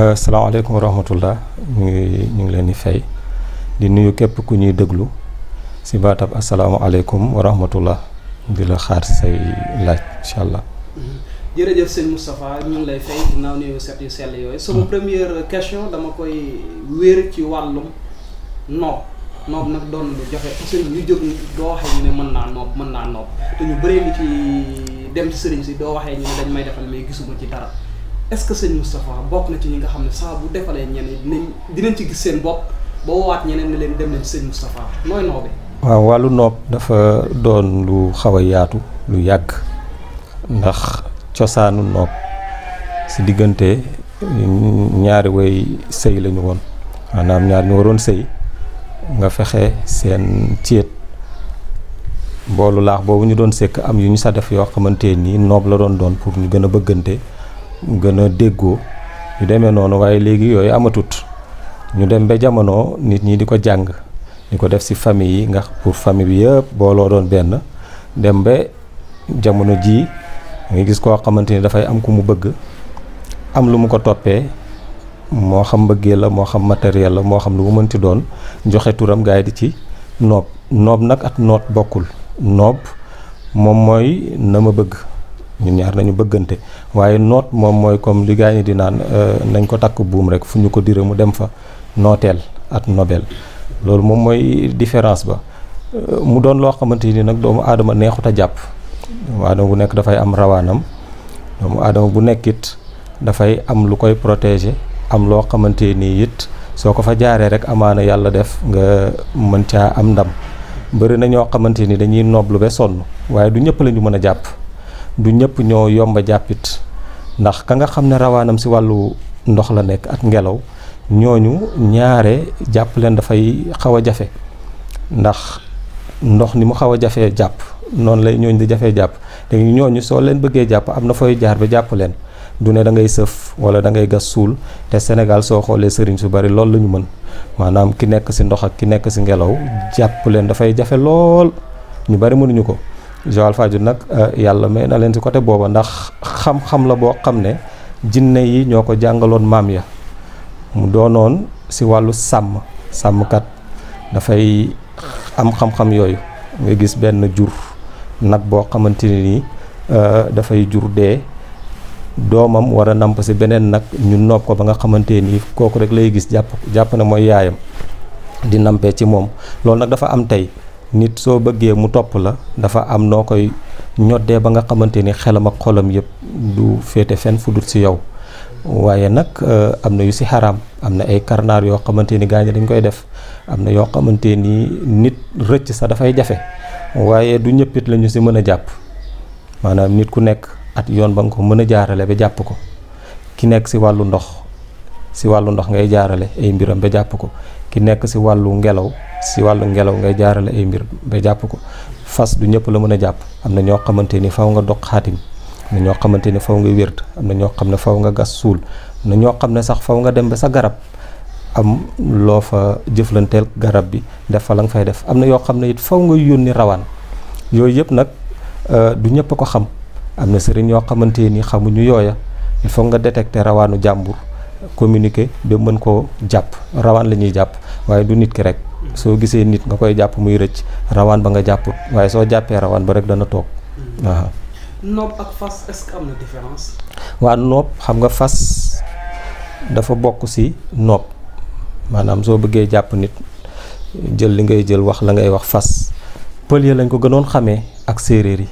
Euh, salaamaaleykum wa rahmatullah ñu ngi ñu ngi leen di fay di nuyu képp ku ñuy déglu si baatab asalaamaaleykum wa rahmatullah di la xaar say laaj incha allah. jërëjëf sëñ Moustapha ñu ngi lay fay ginnaaw nuyu set yu sell yooyu. sama hmm. première question dama koy wéer ci wàllum noob noob nag doon lu joxe parce que ñu doo waxee ñu ne mën naa noob mën naa noob te ñu bëree li ci dem ci sëriñ si doo waxee ñu ne dañ may defal mais gisuma ci dara. est-ce que sëñ Moustapha bokk na ci ñi nga xam ne saa bu defalee ñeneen dinañ ci gis seen bopp ba woowaat ñeneen leen dem leen sëñ Moustapha nooy noobee. waaw wàllu noob dafa doon lu xaw a yaatu lu yàgg ndax cosaanu noob si diggante ñaari way sëy lañu woon maanaam ñaar ñu waroon sëy nga fexe seen céet boolu laax boobu ñu doon sekk am yu ñu sa def yoo xamante nii noob la doon doon pour ñu gën a bëggante. gën a déggoo yu demee noonu waaye léegi yooyu amatut ñu dem ba jamono nit ñi di ko jàng di ko def ci famille yi ndax pour famille bi yëpp booloo doon benn dem ba jamono ji nga gis koo xamante ni dafay am ku mu bëgg am lu mu ko toppee moo xam mbëggee la moo xam matériel la moo xam lu mu mënti doon joxe turam gaay di ci noob noob nag ak noot bokkul noob moom mooy na ma bëgg ñun ñaar dañu bëggante waaye noot moom mooy comme li gars yi di naan euh, nañ ko takk buum rek fu ñu ko dire mu dem fa nooteel ak nobel loolu moom mooy différence ba euh, mu doon loo xamante ni nag doomu aadama neexut a jàpp doomu aadama bu nekk dafay am rawaanam doomu aadama bu nekkit dafay am lu koy protége am loo xamante nii it soo ko fa jaaree rek amaana yàlla def nga mën caa am ndam bëri na ñoo xamante ni dañuy noblu ba sonn waaye du ñëpp la ñu mën a jàpp du ñëpp ñoo yomba jàppit ndax ka nga xam ne rawaanam si wàllu ndox la nekk ak ngelaw ñooñu ñaare jàpp leen dafay xaw a jafe ndax ndox ni mu xaw a jafee jàpp noonu lay ñooñu di jafe jàpp te léegi ñu soo leen bëggee jàpp am na fooy jaar ba jàpp leen du ne da ngay sëf wala da ngay gas suul te Sénégal soo xoolee sëriñ su bari loolu lañu mën maanaam ki nekk si ndox ak ki nekk si ngelaw jàpp leen dafay jafe lool ñu bari mënuñu ko Joal Fadiouth nag euh, yàlla may na leen si côté booba ndax xam-xam la boo xam ne jinne yi ñoo ko jàngaloon maam ya mu doonoon si wàllu sàmm sàmmkat dafay am xam-xam yooyu nga gis benn jur nag boo xamante ne nii euh, dafay jur dee doomam war a namp si beneen nag ñu nopp ko ba nga xamante nii kooku rek lay gis jàpp jàpp na mooy yaayam di nampee ci moom loolu nag dafa am tey nit soo bëggee mu topp la dafa am noo koy ñoddee ba nga xamante ni xelam ak xolam yëpp du féete fenn fu dul si yow waaye nag euh, am na yu si xaram am na ay karnaar yoo xamante ni gaañ dañ koy def am na yoo xamante nii nit rëcc sa dafay jafe waaye du ñëppit lañu si mën a jàpp maanaam nit ku nekk at yoon ba nga ko mën a jaarale ba jàpp ko ki nekk si wàllu ndox si wàllu ndox ngay jaarale ay mbiram ba jàpp ko ki nekk si wàllu ngelaw si wàllu ngelaw ngay jaarale ay mbir ba jàpp ko fas du ñëpp la mën a jàpp am na ñoo xamante ni faw nga doq xaatim na ñoo xamante ni faw nga wért am na ñoo xam ne faw nga gas suul na ñoo xam ne sax faw nga dem ba sa garab am loo fa jëflanteel garab bi def fa la nga fay def am na yoo xam ne it faw nga yónni rawaan yooyu yëpp nag euh, du ñëpp a ko xam am na sëriñ ñoo xamante ni xamuñu yooya il faut nga détecter rawaanu jàmbur communiquer ba mën koo jàpp rawan lañuy jàpp waaye du nit ki rek soo gisee nit nga koy jàpp muy rëcc rawan ba nga jàpput waaye soo jàppee rawan ba rek dana toog mm-hmm. waaw. nopp waa nopp xam nga fas dafa bokk si nopp maanaam soo bëggee jàpp nit jël li ngay jël wax la ngay wax fas pël ya lañ ko gënoon xamee ak séeréer yi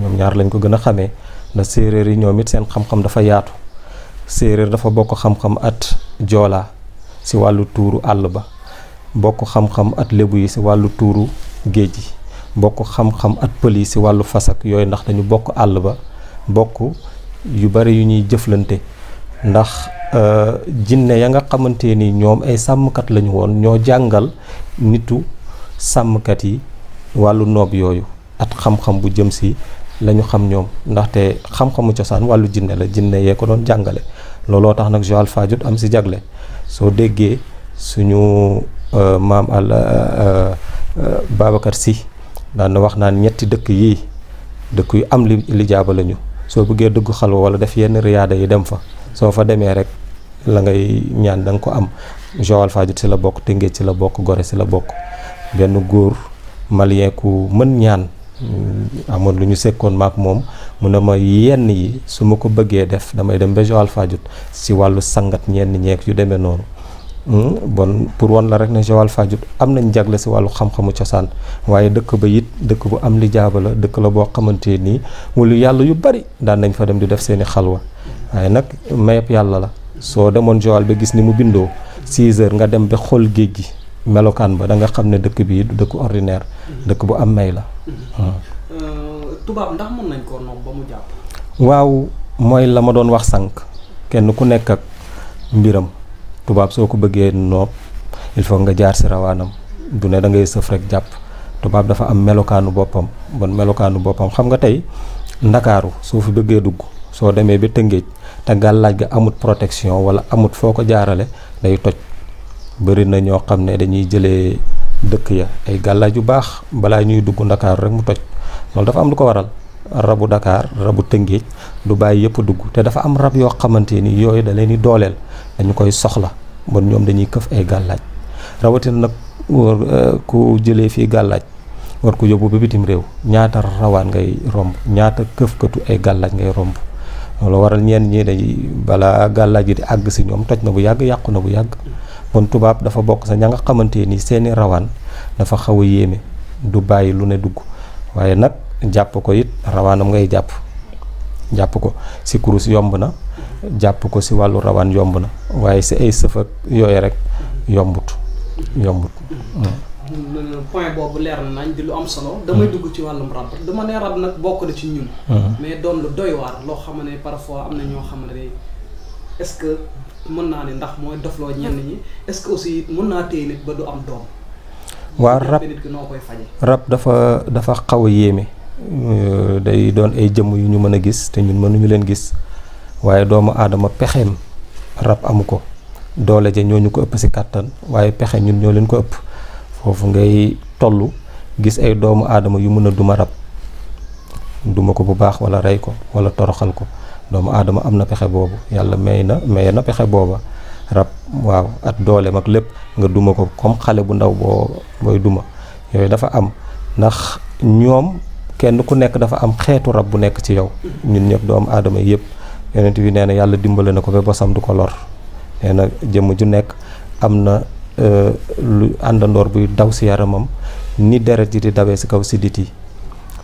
ñoom ñaar lañ ko gën a xamee na séeréer yi ñoom it seen xam-xam dafa yaatu. séeréer dafa bokk xam-xam at joola si wàllu tuuru àll ba bokk xam-xam at lébu yi si wàllu tuuru géej yi bokk xam-xam at pël yi si wàllu fasak yooyu ndax dañu bokk àll ba bokk yu bari yu ñuy jëflante ndax euh, jinne ya nga xamante ni ñoom ay sàmmkat lañu woon ñoo jàngal nitu sàmmkat yi wàllu noob yooyu at xam-xam bu jëm si la ñu xam ñoom ndaxte xam-xamu cosaan wàllu jinne la jinne yee ko doon jàngale looloo tax nag Joal Fadiouth am si jagle soo déggee suñu euh, maam àll euh, euh, Babacar si daan wax naan ñetti dëkk yii dëkk yu am li li jaaba soo bëggee dugg xalwa wala def yenn riyaada yi dem fa soo fa demee rek la ngay ñaan da ko am Joal Fadiouth si la bokk Tëngéej si la bokk gore si la bokk benn góor malien mën ñaan amoon lu ñu sekkoon maak moom mu ne ma yenn yi su ma ko bëggee def damay dem ba Joal Fadiouth si wàllu sangat ñenn ñeek yu demee noonu hmm, bon pour wan la rek ne Joal Fadiouth am nañ jagle si wàllu xam-xamu cosaan waaye dëkk ba it dëkk bu am li jaaba dëkk la boo xamante nii wala yàlla yu bari daan nañ fa dem di def seeni xalwa waaye nag mayeb yàlla la soo demoon Joal ba gis ni mu bindoo 6 heures nga dem ba xol géej gi melokaan ba da nga xam ne dëkk bii du ordinaire dëkk bu am may la waaw. Euh, tubaab ndax mën nañ koo nopp ba mu jàpp. waaw mooy la ma doon wax sànq kenn ku nekk ak mbiram tubaab soo ko bëggee noob il faut nga jaar si rawaanam du ne da ngay sëf rek jàpp tubaab dafa am melokaanu boppam bon melokaanu boppam xam nga tey ndakaaru soo fi bëggee dugg soo demee ba tëngéej te gàllaaj ga amut protection wala amut foo ko jaarale day toj bëri na ñoo xam ne dañuy jëlee. dëkk ya ay gàllaaj yu baax balaa ñuy dugg ndakaaru rek mu toj loolu dafa am lu ko waral rabu Dakar rabu Tëngéej du bàyyi yëpp dugg te dafa am rab yoo xamante ni yooyu da leen di dooleel dañu koy soxla bon ñoom dañuy këf ay gàllaaj rawatin nag euh, ku jëlee fii gàllaaj war ko yóbbu ba bitim réew ñaata rawaan ngay romb ñaata këfkatu ay gàllaaj ngay romb loolu waral ñenn ñi dañuy balaa gàllaaj yi di àgg si ñoom toj na bu yàgg yàqu na bu yàgg kon tubaab dafa bokk sa ña nga xamante ni seeni rawaan dafa xaw a yéeme du bàyyi lu ne dugg waaye nag jàpp ko it rawaanam ngay jàpp jàpp ko si kurus yomb na jàpp ko si wàllu rawaan yomb na waaye si ay sëf ak yooyu rek yombut yombut point boobu leer na nañ di lu am solo damay dugg ci wàllum rab dama ne rab nag bokk na ci ñun mhm. mais doon lu doy waar loo xam parfois am na ñoo xam ne mën naa ne ndax mooy dofloo ñenn ñi est-ce que aussi mën naa téye nit ba du am doom. waaw rab rab dafa dafa xaw a yéeme. Euh, day doon ay jëmm yu ñu mën a gis te ñun mënuñu leen gis waaye doomu aadama pexeem rab amu ko doole ja ñoo ñu ko ëpp si kàttan waaye pexe ñun ñoo leen ko ëpp foofu ngay toll gis ay doomu aadama yu mën a duma rab duma ko bu baax wala rey ko wala toroxal ko. doomu aadama am na pexe boobu yàlla may na maye na pexe booba rab waaw at dooleem ak lépp nga duma ko comme xale bu ndaw boo booy duma yooyu dafa am ndax ñoom kenn ku nekk dafa am xeetu rab bu nekk ci yow ñun ñëpp doomu aadama yëpp yonent bi nee na yàlla dimbale na ko ba bosam du ko lor nee na jëmm ju nekk am na euh, lu àndandoor buy daw si yaramam ni deret ji di dawee si kaw sidit yi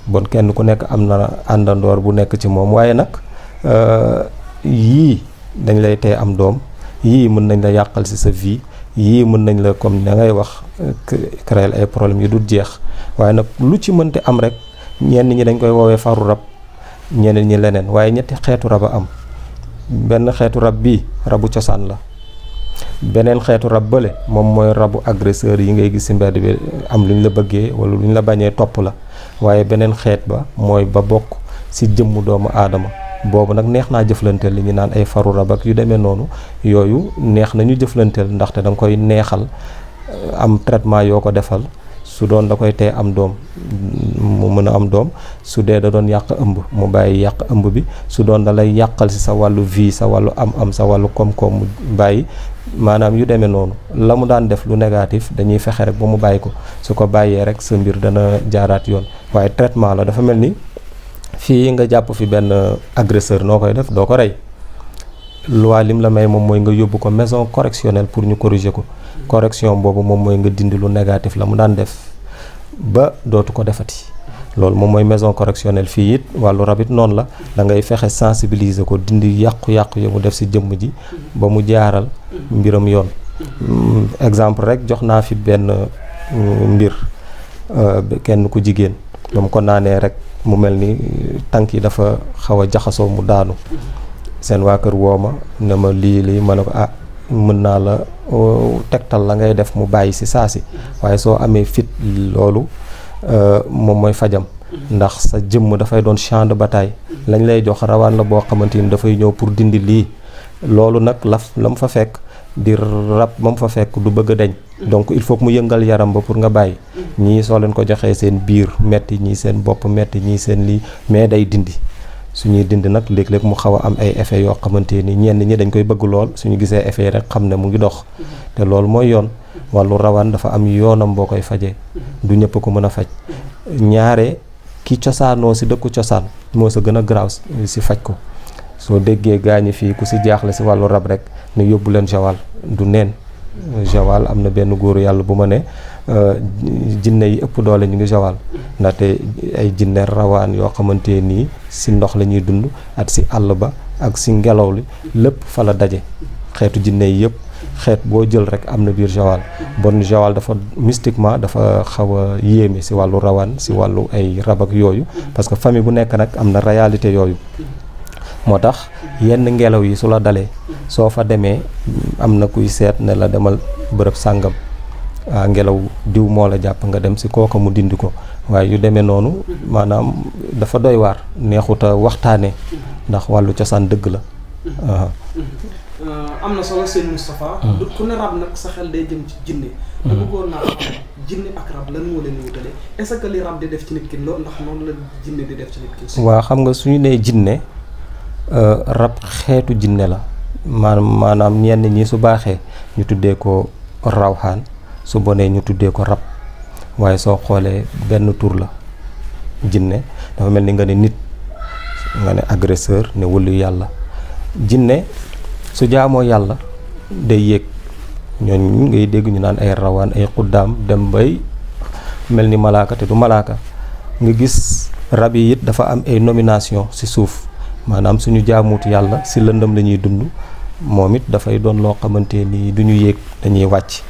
bon kenn ku nekk am na àndandoor bu nekk ci moom waaye nag Euh, yii dañ lay tee am doom yii mën nañ la yàqal si sa vie yii mën nañ la comme dangay wax créer ay problèmes yu du jeex waaye nag lu ci mënti am rek ñenn ñi dañ koy woowee faru rab ñeneen ñi leneen waaye ñetti xeetu rab a am benn xeetu rab bii rabu cosaan la beneen xeetu rab bële moom mooy rabu agresseur yi ngay gis ci mbedd bi am lu ñu la bëggee wala lu ñu la bañee topp la waaye beneen xeet ba mooy ba bokk ci jëmmu doomu aadama boobu nag neex naa jëflanteel li ñu naan ay faru rab ak yu demee noonu yooyu neex nañu jëflanteel ndaxte da nga koy neexal eh, am traitement yoo ko defal su doon da koy tee am doom mu mën a am doom su dee da doon yàq ëmb mu bàyyi yàq ëmb bi su doon da lay yàqal sa wàllu vie sa wàllu am-am sa wàllu koom-koom mu bàyyi maanaam yu demee noonu la mu daan def lu négatif dañuy fexe rek ba mu bàyyi ko su ko bàyyee rek sa mbir dana jaaraat yoon waaye traitement la dafa mel ni. fii nga jàpp fi benn agresseur noo koy def doo ko rey loi lim la may moom mooy nga yóbbu ko maison correctionnelle pour ñu corriger ko correction boobu moom mooy nga dindi lu négatif la mu daan def ba dootu ko defati loolu moom mooy maison correctionnelle fii it wàllu rabit noonu la da ngay fexe sensibiliser ko dindi yàqu-yàqu yi mu def si jëmm ji ba mu jaaral mbiram yoon mm, exemple rek jox naa fi benn mm, mbir euh, kenn ku jigéen ba ko naanee rek mu mel ni tànk yi dafa xaw a jaxasoo mu daanu seen waa kër woo ma ne ma lii lii ma ne ko ah mën naa la oh, tegtal la ngay def mu bàyyi si saa si waaye soo amee fit loolu euh, moom mooy fajam ndax sa jëmm dafay doon champ ba bataille lañ lay jox rawaan la boo xamante ni dafay ñëw pour dindi lii loolu nag laf la mu fa fekk di rab ma mu fa fekk du bëgg a deñ donc il faut mu yëngal yaram ba pour nga bàyyi mm-hmm. ñii soo leen ko joxee seen biir metti ñii seen bopp metti ñii seen lii mais day dindi suñuy dindi nag léeg-léeg mu xaw a am ay effets yoo xamante nii ñenn ñi dañ koy bëgg lool suñu gisee effet yi rek xam ne mu ngi dox mm-hmm. te loolu mooy yoon mm-hmm. wàllu rawaan dafa am yoonam boo koy fajee du ñëpp ko mën a faj ñaare ki cosaanoo si dëkku cosaan moo sa gën a graaw si faj ko soo déggee ñi fii ku si jaaxle si wàllu rab rek ne yóbbu leen Joal du neen Euh, Joal am na benn góoru yàlla bu ma ne euh, jinne yi ëpp doole ñu ngi Joal ndaxte ay jinne rawaan yoo xamante nii si ndox la ñuy dund ak si àll ba ak si ngelaw li lépp fa la daje xeetu jinne yi yëpp xeet boo jël rek am na biir Joal bon Joal dafa mystiquement dafa xaw a yéeme si wàllu rawaan si wàllu ay rab yooyu parce que famille bu nekk nag am na réalité yooyu moo tax yenn ngelaw yi su la dalee soo fa demee am na kuy seet ne la demal bërëb sàngam ah ngelaw diw moo la jàpp nga dem si kooka mu dindi ko waaye yu demee noonu maanaam dafa doy waar neexuta waxtaanee ndax wàllu cosaan dëgg la. Mhm. Euh, am na hmm. hmm. jinne. ak rab lan moo leen wutale est-ce que li rab di def ci nit ki loo ndax noonu la jinne di def ci nit ki. waaw xam nga suñu nee jinne euh, rab xeetu jinne la. maanaam ñenn ñi su baaxee ñu tuddee ko rawxaan su bonee ñu tuddee ko rab waaye soo xoolee benn tur la jinne dafa mel ni nga ne nit nga ne agresseur ne wëllu yàlla jinne su jaamoo yàlla day yéeg ñooñu ngay dégg ñu naan ay rawaan ay xuddaam dem bay mel ni malaaka te du malaaka nga gis rab yi it dafa am ay nomination si suuf maanaam suñu jaamuut yàlla si lëndëm la ñuy dund moom it dafay doon loo xamante ni du ñu yéeg dañuy wàcc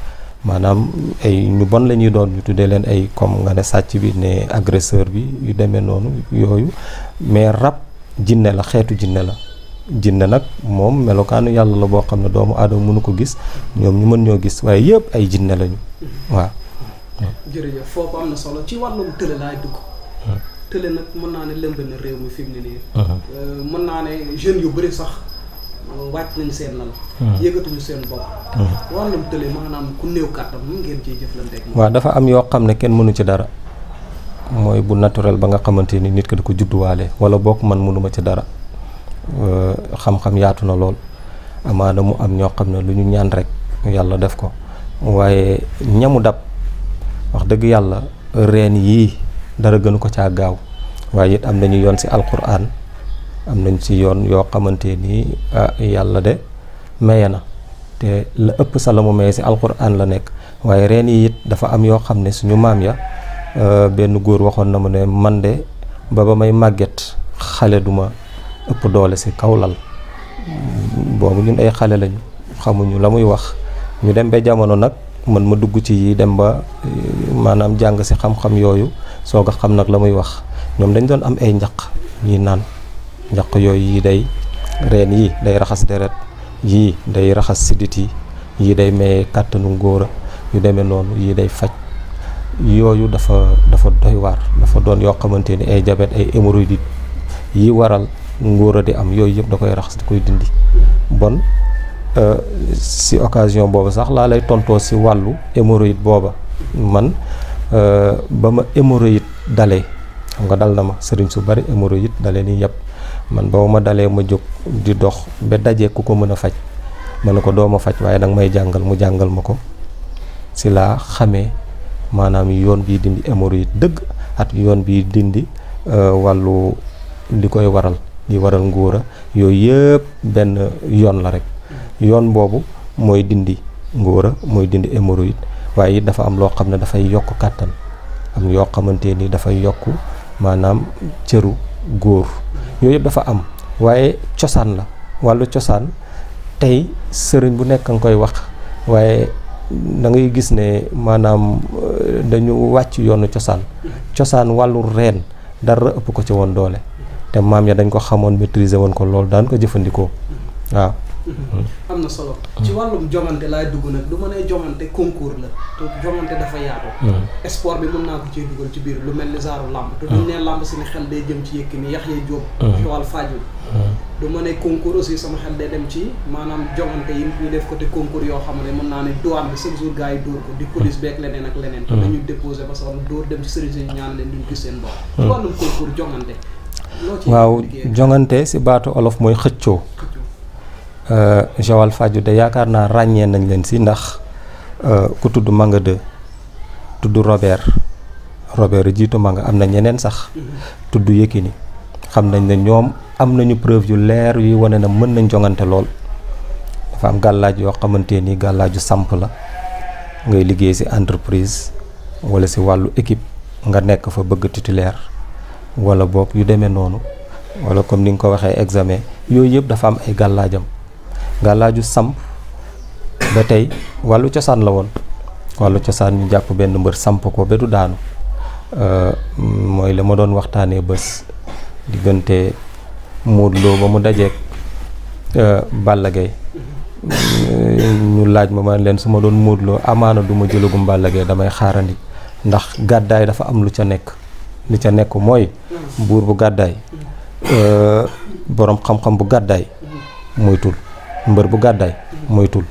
maanaam ay ñu bon la ñuy doon ñu tuddee leen ay comme nga ne sàcc bi ne agresseur bi yu demee noonu yooyu mais rab jinne la xeetu jinne la jinne nag moom melokaanu yàlla la boo xam ne doomu aadama mënu ko gis ñoom ñu mën ñoo gis waaye yëpp ay jinne lañu mm-hmm. waaw. jërëjëf solo ci wàllum tële laay dugg. Mm-hmm. mën naa ne lëmb na réew mi fi mu nii. Mm-hmm. Euh, mën naa ne jeunes yu bëri sax. wàcc nañ seen lal hmm. yëgatuñu hmm. dafa am yoo xam ne kenn mënu ci dara mooy bu naturel ba nga xamante ni nit ki da ko judduwaale wala bokk man mënuma ci dara euh, xam-xam yaatu na lool amaana mu am ñoo xam ne lu ñu ñaan rek yàlla def ko waaye ñamu dab wax dëgg yàlla reen yii dara gënu ko caa gaaw waaye it am nañu yoon si alquran am nañ si yoon yoo xamante nii ah, yàlla de maye na te la ëpp sa la mu maye si alquran la nekk waaye reen yi it dafa am yoo xam ne suñu maam ya euh, benn góor waxoon na mu ne man de ba ba may màgget xale duma ëpp doole si kaw lal boobu ñun ay xale lañu xamuñu la muy wax ñu dem ba jamono nag man ma dugg ci yi dem ba euh, maanaam jàng si xam-xam yooyu soog a xam nag la muy wax ñoom dañ doon am ay njaq ñuy naan ñaq yooyu yi day reen yi day raxas deret yii day raxas sidit yi yii day maye kàttanu ngóora yu demee noonu yii day faj yooyu dafa dafa doy waar dafa doon yoo xamante ni ay jabet ay hémorroïdes yi waral ngóora di am yooyu yëpp da koy raxas di koy dindi bon euh, si occasion boobu sax laa lay tontoo si wàllu hémorroïde booba man euh, ba ma hémorroïde dalee xam nga dal na ma sëriñ su bari hémorroïde dalee nii yëpp man boobu ma dalee ma jóg di dox ba dajee ku ko mën a faj ma ne ko dooma faj waaye danga may jàngal mu jàngal ma ko si laa xamee maanaam yoon bii dindi hémorroïde dëgg ak yoon bii dindi euh, wàllu li koy waral li waral ngóora yooyu yëpp benn yoon la rek yoon boobu mooy dindi ngóora mooy dindi hémorroïde waaye it dafa am loo xam ne dafay yokk kàttan am yoo xamante ni dafay yokk maanaam cëru góor yooyu yëpp dafa am waaye cosaan la wàllu cosaan tey sëriñ bu nekk nga koy wax waaye da ngay gis ne maanaam euh, dañu wàcc yoonu cosaan cosaan wàllu reen dara ëpp ko ci woon doole te maam ya dañ ko xamoon maîtriser woon ko loolu daan ko jëfandikoo waaw am na solo. ci mm. wàllum jomante laay dugg nag du ma ne jomante concours la te jomante dafa yaatu. Mm. sport bi mën naa ko ciy dugal ci biir lu mel ni zaaru làmb. te duñ mm. nee si suñu xel day jëm ci Yékini Yaxya Jóob. Joal Fadiouth. du ma ne concours si sama xel day dem ci maanaam jongante yi ñu def côté concours yoo xam ne mën naa ne douane bi chaque jour gars yi dóor ko di police beeg leneen ak leneen. te dañuy déposé ba sax dóor dem ci sëriñ si ñaan leen duñ gis seen bopp. ci wàllum concours jomante. waaw jongante si baatu olof mooy xëccoo. Euh, Joal de yaakaar naa ràññee nañ leen si ndax euh, ku tudd Manga 2 tudd Robert Robert jiitu Manga am na ñeneen sax tudd Yékini xam nañ ne ñoom am nañu preuve yu leer yuy wane na mën nañ jongante lool dafa am gàllaaj yoo xamante ni gàllaaju samp la ngay liggéey si entreprise wala si wàllu équipe nga nekk fa bëgg titulaire walla boog yu demee noonu wala comme ni nga ko waxee examen yooyu yëpp dafa am ay gàllaajam gàllaaju samp ba tey wàllu cosaan la woon wàllu cosaan ñu jàpp benn mbër samp ko ba du daanu euh, mooy la ma doon waxtaanee bés diggante Modou Lo ba mu dajeek euh, Balla Gaye ñu laaj ma ma leen su ma doon móotloo amaana du ma jëlagum Balla damay xaarandi ndax gàddaay dafa am lu ca nekk li ca nekk mooy buur bu gàddaay euh, boroom xam-xam bu gàddaay moytul mbër bu gàddaay moytul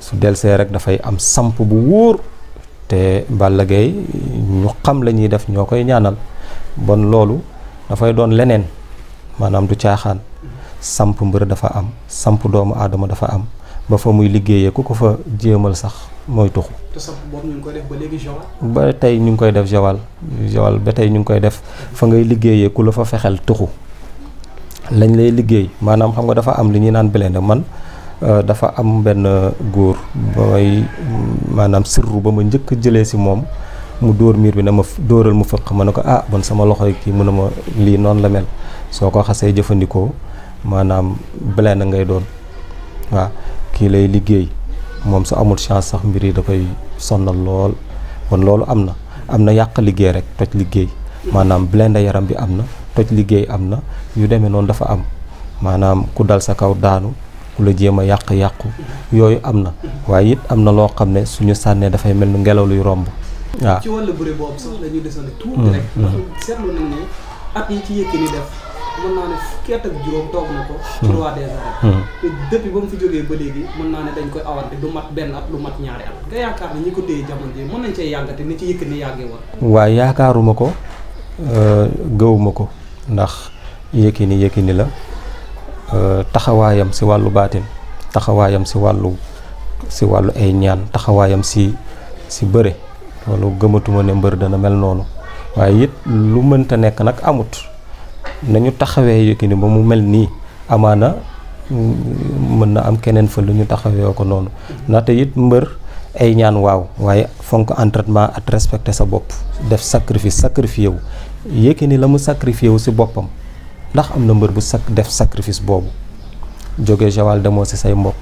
su delsee rek dafay am samp bu wóor te Balla Gaye ñu xam la ñuy def ñoo koy ñaanal bon loolu dafay doon leneen maanaam du caaxaan samp mbër dafa am samp doomu aadama dafa am ba fa muy liggéeyee ku ko fa jéemal sax mooy tuxu def ba léegi Joal tey ñu ngi koy def Joal Joal ba tey ñu ngi koy def fa ngay liggéeyee ku la fa fexeel tuxu lañ lay liggéey maanaam xam nga dafa am li ñuy naan blindé man euh, dafa am benn góor ba may maanaam sirru ba ma njëkk jëlee si moom mu dóor miir bi na ma dóoral mu fëq ma ne ko ah bon sama loxo yi kii mën na ma lii noonu la mel soo ko xasee jëfandikoo maanaam blindé ngay doon waaw kii lay liggéey moom su amul chance sax mbir yi da koy sonnal lool kon loolu am na am na yàq liggéey rek toj liggéey maanaam blindé yaram bi am na toj liggéey am na yu demee noonu dafa am maanaam ku dal sa kaw daanu ku la jéem a yàq-yàqu yooyu am na waaye it am na loo xam ne suñu sànnee dafay mel ni ngelaw luy romb waaw ci wàllu hmm. Hmm. ci Yékini def mën na hmm. dañ koy awante lu mat ñaari at nga yaakaar ne ñi yaakaaruma ko euh, gëwuma ko ndax Yékini Yékini la euh, taxawaayam si wàllu baatin taxawaayam si wàllu si wàllu ay ñaan taxawaayam si si bëre loolu gëmatuma ne mbër dana mel noonu waaye it lu mënta nekk nag amut nañu taxawee Yékini ba mu mel nii amaana mm, mën na am keneen fa lu ñu taxawee ko noonu ndaxte it mbër ay ñaan waaw waaye fonk entraînement at respecté sa bopp def sacrifice sacrifié wu Yékini la mu sacrifié wu si boppam ndax am na mbër bu sac def sacrifice boobu jóge Joal demoo si say mbokk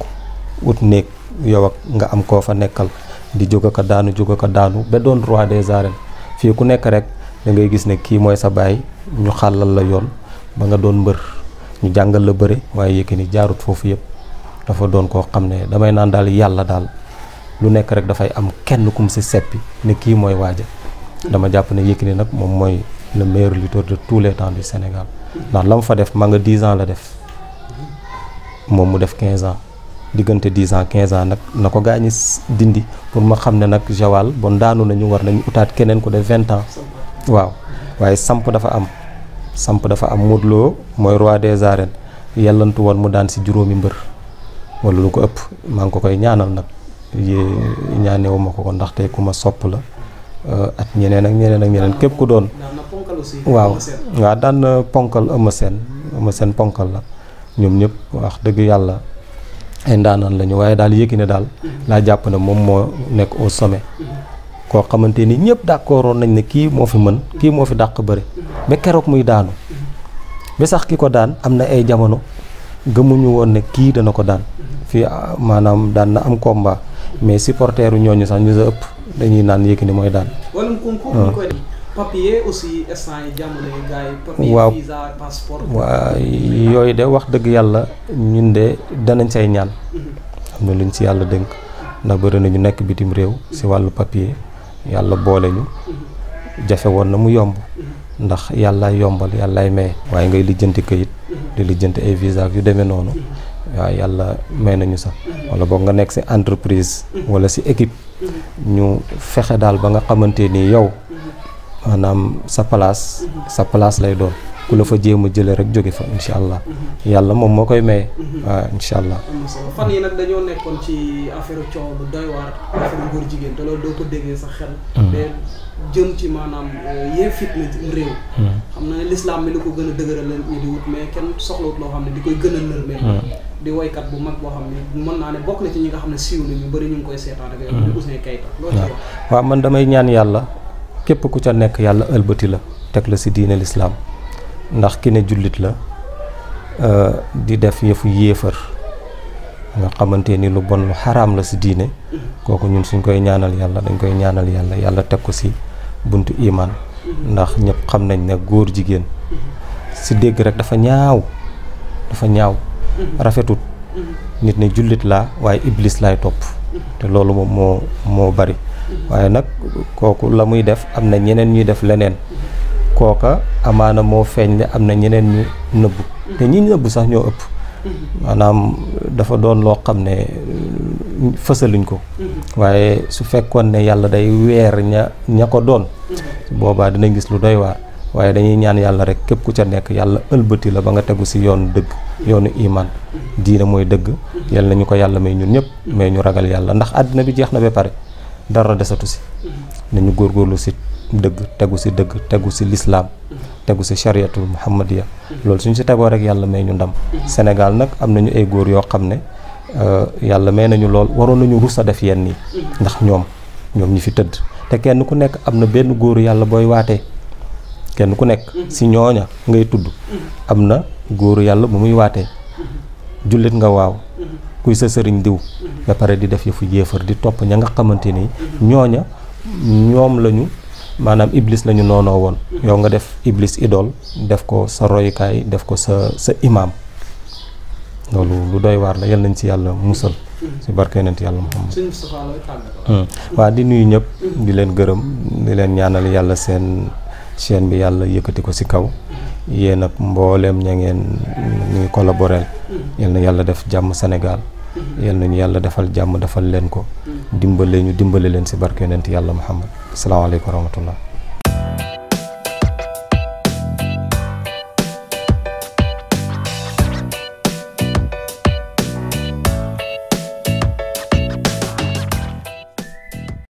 ut néeg yow nga am koo fa nekkal di jóg ko daanu jóg ko daanu ba doon roi des arènes fii ku nekk rek da ngay gis ne kii mooy sa baay ñu xàllal la yoon ba nga doon mbër ñu jàngal la bëre waaye Yékini jaarut foofu yëpp dafa doon koo xam ne damay naan daal yàlla daal lu nekk rek dafay am kenn kum si seppi ne kii mooy waaja dama jàpp ne Yékini nag moom mooy le meilleur lutteur de tous les temps du Sénégal ndax la mu fa def ma nga dix ans la def moom mu def quinze ans diggante dix ans quinze ans nag na ko gaañi dindi pour ma xam ne nag Joal bon na ñu war nañu utaat keneen ko de vingt ans waaw waaye samp dafa am samp dafa am Modou Lo mooy roi des arènes yellantu woon mu daan si juróomi mbër wala lu ko ëpp maa ngi ko koy ñaanal nag yée ñaanewu ko ko ndaxte ku ma sopp la euh, ak ñeneen ak ñeneen ak ñeneen képp ku doon waaw waaw daan ponkal Eumeu seen Eumeu seen ponkal la ñoom ñëpp waax dëgg yàlla ay ndaanaan lañu waaye daal Yékini daal mm-hmm. laa jàpp na moom moo nekk au some mm-hmm. koo xamante ni ñëpp d'accordoon nañ ne kii moo fi mën kii moo fi dàq bari mm-hmm. ba keroog muy daanu ba sax ki ko daan am na ay jamono gëmuñu woon ne kii dana ko daan fii ah, maanaam daan na am combat mais supporteru ñooñu sax ñu sa ëpp dañuy naan Yékini mooy daan. papier aussi instant yi jamono yi gars yooyu de wax dëgg yàlla ñun de danañ say ñaan mhm. am na luñ si yàlla dënk ndax bëri na ñu nekk bitim réew si wàllu papier yàlla boole ñu mhm. jafe woon na mu yomb mhm. ndax yàllaay yombal yàllaay may waaye ngay lijjanti kayit di lijjanti ay visa yu demee noonu waaw yàlla may nañu sax wala boog nga nekk si entreprise wala si équipe ñu fexe daal ba nga xamante ni yow maanaam sa place sa place lay doon ku la fa jéem a jëlee rek jóge fa incha allah yàlla moom moo koy maye. waaw incha allah. fan yi nag dañoo nekkoon ci affaire coow bu doy waar affaire góor jigéen te loolu doo ko déggee sa xel. Hmm. mais jëm ci maanaam euh, yee fitna ci réew. Hmm. xam na ne lislaam mi lu ko gën a dëgëral leen ñu di wut mais kenn soxlawut loo xam ne di koy gën a nërmeel. Hmm. di woykat bu mag boo xam ne mën naa ne bokk na ci ñi nga xam ne siiw na ñu bëri ñu ngi koy seetaan ak yow. Ouzin Keita ñaan yàlla. képp ku ca nekk yàlla ëlbati la teg la si diine lislaam ndax ki ne jullit la euh, di def yëfu yéefar nga xamante ni lu bon lu xaraam la si diine kooku ñun suñ koy ñaanal yàlla dañ koy ñaanal yàlla yàlla teg ko si buntu imaan ndax ñëpp xam nañ ne góor jigéen si dégg rek dafa ñaaw dafa ñaaw rafetut nit ne jullit laa waaye iblis laay topp te loolu moo moo bari waaye nag kooku la muy def am na ñeneen ñuy def leneen kooka amaana moo feeñ ne am na ñeneen ñu nëbbu te ñi nëbbu sax ñoo ëpp maanaam dafa doon loo xam ne euh, fësaluñ ko waaye su fekkoon ne yàlla day weer ña ña ko doon boobaa dina gis lu doy waa waaye dañuy ñaan yàlla rek képp ku ca nekk yàlla ëlbati la ba nga tegu si yoon dëgg yoonu iman diine mooy dëgg yal na ñu ko yàlla may ñun ñëpp may ñu ragal yàlla ndax àddina bi jeex na ba pare dara desatu si nañu góor góorlu si dëgg tegu si dëgg tegu si lislaam tegu si chariatul muhammadiya loolu suñ si tegoo rek yàlla may ñu ndam Sénégal nag am nañu ay góor yoo xam ne euh, yàlla may nañu lool waroon nañu rus a def yenn yi ndax ñoom ñoom ñi fi tëdd te kenn ku nekk am na benn góor yàlla booy waatee kenn ku nekk si ñooña ngay tudd am na góor yàlla bu muy waatee jullit nga waaw kuy sa sëriñ diw ba pare di def yëfu yéefar di topp ña nga xamante ni ñooña ñoom lañu maanaam iblis lañu noonoo woon yow nga def iblis idole def ko sa royukaay def ko sa sa imaam loolu lu doy waar la yal nañ ci yàlla musal ci barke yonent yàlla Muhammad hmm. waa di nuyu ñëpp di leen gërëm di leen ñaanal yàlla seen chaîne bi yàlla yëkkati ko si kaw yéen ak mbooleem ña ngeen ñuy collaborer yal na yàlla def jàmm Sénégal yal ñu yàlla defal jàmm defal leen ko mm. dimbale ñu dimbale leen si barke yonent yàlla mu muhammad asalaamaaleykum wa rahmatullah